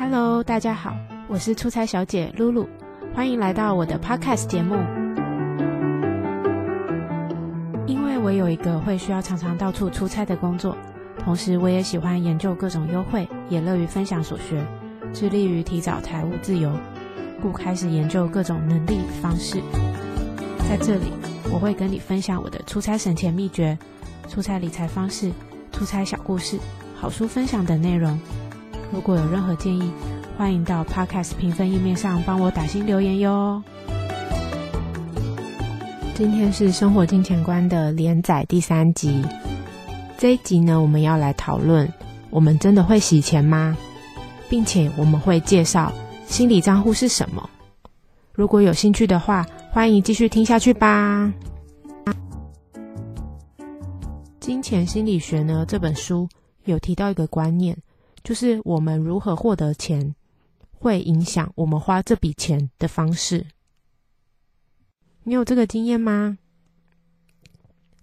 Hello，大家好，我是出差小姐露露，歡迎來到我的 Podcast 節目。因為我有一個會需要常常到處出差的工作，同時我也喜歡研究各種優惠，也樂於分享所學，致力於提早財務自由，故開始研究各種能力方式。在這裡，我會跟你分享我的出差省錢秘訣、出差理財方式、出差小故事、好書分享等內容。如果有任何建議，歡迎到 Podcast 評分頁面上幫我打星留言喲。今天是《生活金錢觀》的連載第三集。這一集呢，我們要來討論：我們真的會洗錢嗎？並且我們會介紹心理賬戶是什麼。如果有興趣的話，歡迎繼續聽下去吧。《金錢心理學》呢，這本書有提到一個觀念。就是我們如何獲得錢，會影響我們花這筆錢的方式。你有這個經驗嗎？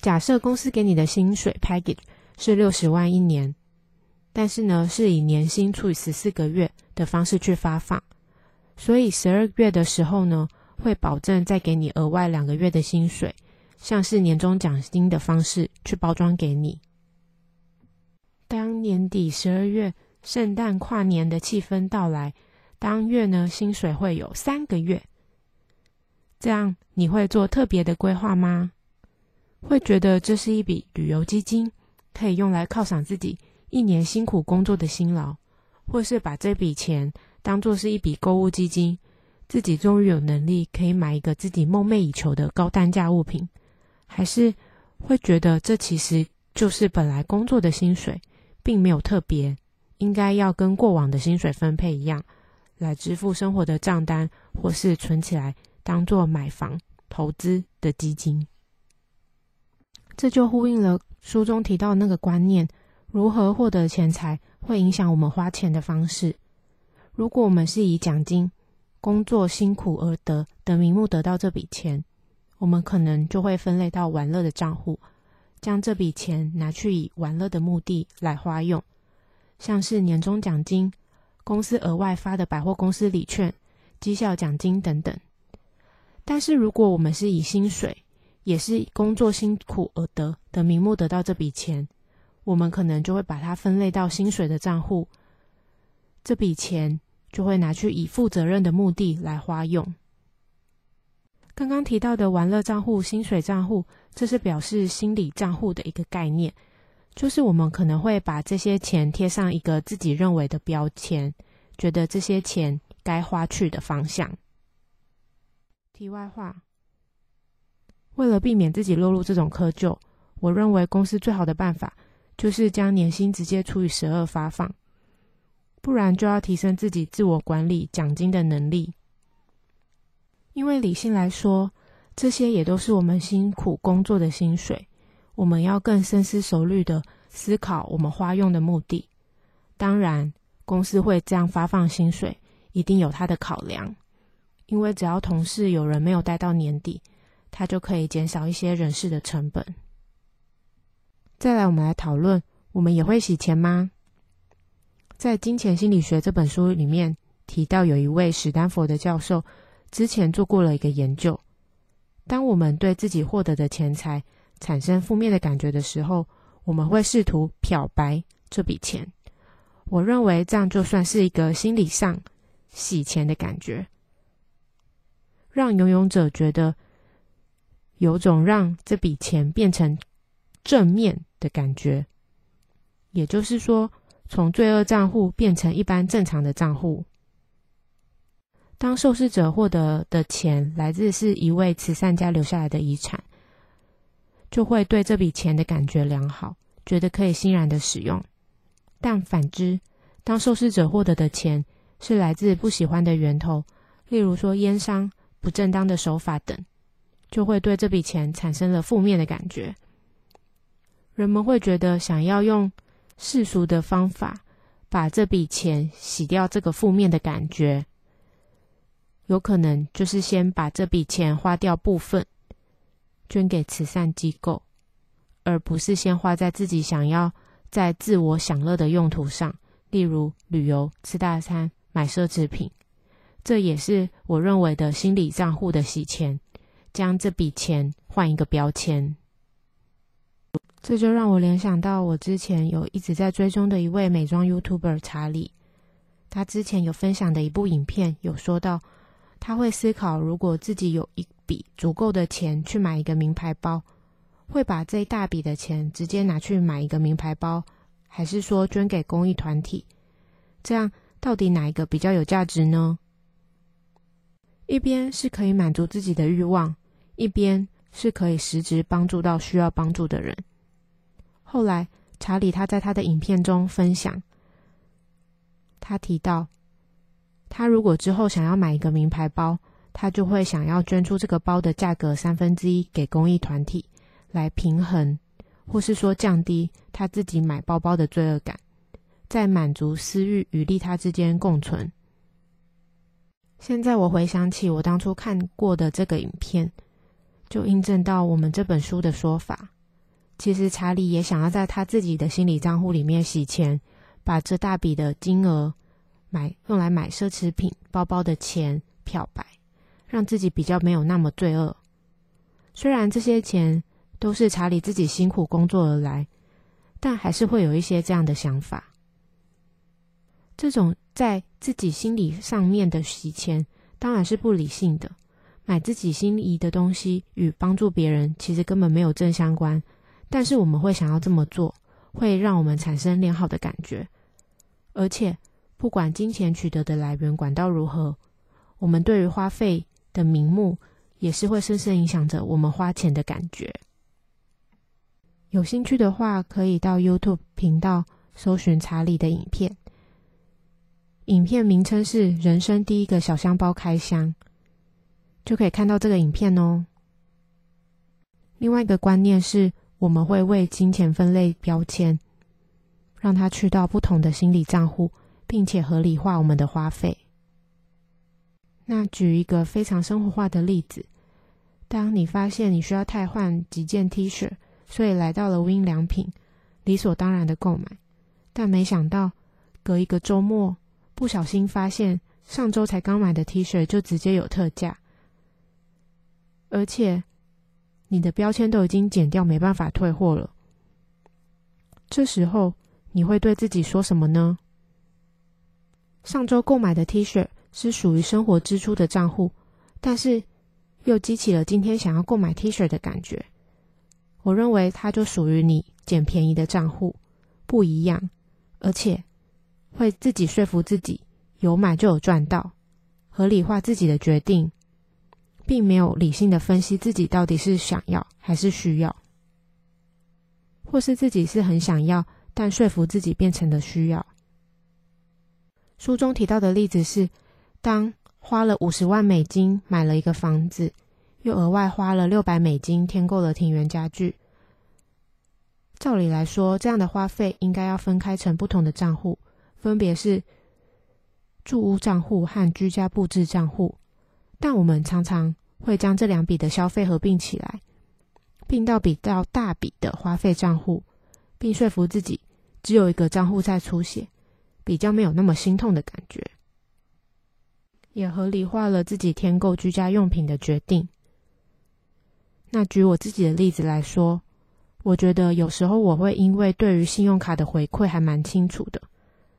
假設公司給你的薪水 package 是六十萬一年，但是呢，是以年薪除以十四個月的方式去發放，所以十二月的時候呢，會保證再給你額外兩個月的薪水，像是年終獎金的方式去包裝給你。當年底十二月，聖誕跨年的氣氛到來，當月呢，薪水會有三個月。這樣你會做特別的規劃嗎？會覺得這是一筆旅遊基金，可以用來犒賞自己一年辛苦工作的辛勞，或是把這筆錢當做是一筆購物基金，自己終於有能力可以買一個自己夢寐以求的高單價物品，還是會覺得這其實就是本來工作的薪水？並沒有特別，應該要跟過往的薪水分配一樣，來支付生活的賬單，或是存起來當做買房投資的基金。這就呼應了書中提到的那個觀念：如何獲得錢財會影響我們花錢的方式。如果我們是以獎金、工作辛苦而得的名目得到這筆錢，我們可能就會分類到玩樂的賬戶。將這筆錢拿去以玩樂的目的來花用，像是年終獎金、公司額外發的百貨公司禮券、績效獎金等等。但是如果我們是以薪水，也是以工作辛苦而得的名目得到這筆錢，我們可能就會把它分類到薪水的賬戶，這筆錢就會拿去以負責任的目的來花用。剛剛提到的玩樂賬戶、薪水賬戶，這是表示心理賬戶的一個概念，就是我們可能會把這些錢貼上一個自己認為的標籤，覺得這些錢該花去的方向。題外話，為了避免自己落入這種窠臼，我認為公司最好的辦法就是將年薪直接除以十二發放，不然就要提升自己自我管理獎金的能力。因為理性來說，這些也都是我們辛苦工作的薪水。我們要更深思熟慮的思考我們花用的目的。當然，公司會這樣發放薪水，一定有它的考量。因為只要同事有人沒有待到年底，他就可以減少一些人事的成本。再來，我們來討論，我們也會洗錢嗎？在《金錢心理學》這本書裡面提到，有一位史丹佛的教授。之前做過了一個研究，當我們對自己獲得的錢財產生負面的感覺的時候，我們會試圖漂白這筆錢。我認為這樣就算是一個心理上洗錢的感覺，讓擁有者覺得有種讓這筆錢變成正面的感覺，也就是說，從罪惡賬戶變成一般正常的賬戶。當受試者獲得的錢來自是一位慈善家留下來的遺產，就會對這筆錢的感覺良好，覺得可以欣然的使用。但反之，當受試者獲得的錢是來自不喜歡的源頭，例如說菸商、不正當的手法等，就會對這筆錢產生了負面的感覺。人們會覺得想要用世俗的方法把這筆錢洗掉這個負面的感覺。有可能就是先把這筆錢花掉部分，捐給慈善機構，而不是先花在自己想要在自我享樂的用途上，例如旅遊、吃大餐、買奢侈品。這也是我認為的心理賬戶的洗錢，將這筆錢換一個標籤。這就讓我聯想到我之前有一直在追蹤的一位美妝 YouTuber 查理，他之前有分享的一部影片有說到。他會思考，如果自己有一筆足夠的錢去買一個名牌包，會把這一大筆的錢直接拿去買一個名牌包，還是說捐給公益團體？這樣到底哪一個比較有價值呢？一邊是可以滿足自己的欲望，一邊是可以實質幫助到需要幫助的人。後來，查理他在他的影片中分享，他提到。他如果之後想要買一個名牌包，他就會想要捐出這個包的價格三分之一給公益團體，來平衡，或是說降低他自己買包包的罪惡感，在滿足私欲與利他之間共存。現在我回想起我當初看過的這個影片，就印證到我們這本書的說法。其實查理也想要在他自己的心理賬戶裡面洗錢，把這大筆的金額。買用來買奢侈品包包的錢，漂白，讓自己比較沒有那麼罪惡。雖然這些錢都是查理自己辛苦工作而來，但還是會有一些這樣的想法。這種在自己心理上面的洗錢，當然是不理性的。買自己心儀的東西與幫助別人其實根本沒有正相關，但是我們會想要這麼做，會讓我們產生良好的感覺，而且。不管金錢取得的來源管道如何，我們對於花費的名目也是會深深影響着我們花錢的感覺。有興趣的話，可以到 YouTube 頻道搜尋查理的影片，影片名稱是“人生第一個小香包開箱”，就可以看到這個影片哦。另外一個觀念是，我們會為金錢分類標籤，讓它去到不同的心理賬戶。並且合理化我們的花費。那舉一個非常生活化的例子，當你發現你需要汰換幾件 T 恤，所以來到了無印良品，理所當然的購買，但沒想到隔一個週末，不小心發現上週才剛買的 T 恤就直接有特價，而且你的標籤都已經剪掉，沒辦法退貨了。這時候你會對自己說什麼呢？上周購買的 T 恤是屬於生活支出的賬戶，但是又激起了今天想要購買 T 恤的感覺。我認為它就屬於你撿便宜的賬戶，不一樣，而且會自己說服自己，有買就有賺到，合理化自己的決定，並沒有理性的分析自己到底是想要還是需要，或是自己是很想要，但說服自己變成了需要。書中提到的例子是，當花了五十萬美金買了一個房子，又額外花了六百美金添購了庭園家具。照理來說，這樣的花費應該要分開成不同的賬戶，分別是住屋賬戶和居家布置賬戶。但我們常常會將這兩筆的消費合併起來，併到比較大筆的花費賬戶，並說服自己只有一個賬戶在出血。比較沒有那麼心痛的感覺，也合理化了自己添購居家用品的決定。那舉我自己的例子來說，我覺得有時候我會因為對於信用卡的回饋還蠻清楚的，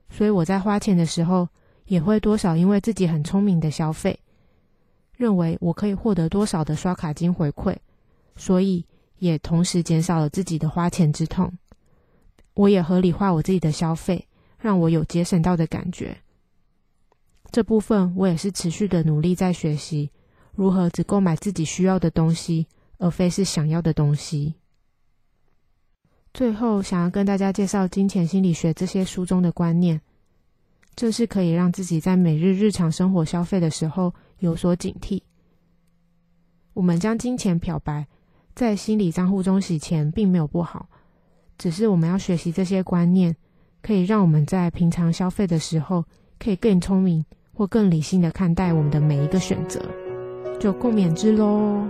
所以我在花錢的時候也會多少因為自己很聰明的消費，認為我可以獲得多少的刷卡金回饋，所以也同時減少了自己的花錢之痛。我也合理化我自己的消費。讓我有節省到的感覺，這部分我也是持續的努力在學習，如何只購買自己需要的東西，而非是想要的東西。最後，想要跟大家介紹《金錢心理學》這些書中的觀念，這是可以讓自己在每日日常生活消費的時候有所警惕。我們將金錢漂白，在心理賬戶中洗錢，並沒有不好，只是我們要學習這些觀念。可以讓我們在平常消費的時候，可以更聰明或更理性的看待我們的每一個選擇，就共勉之嘍。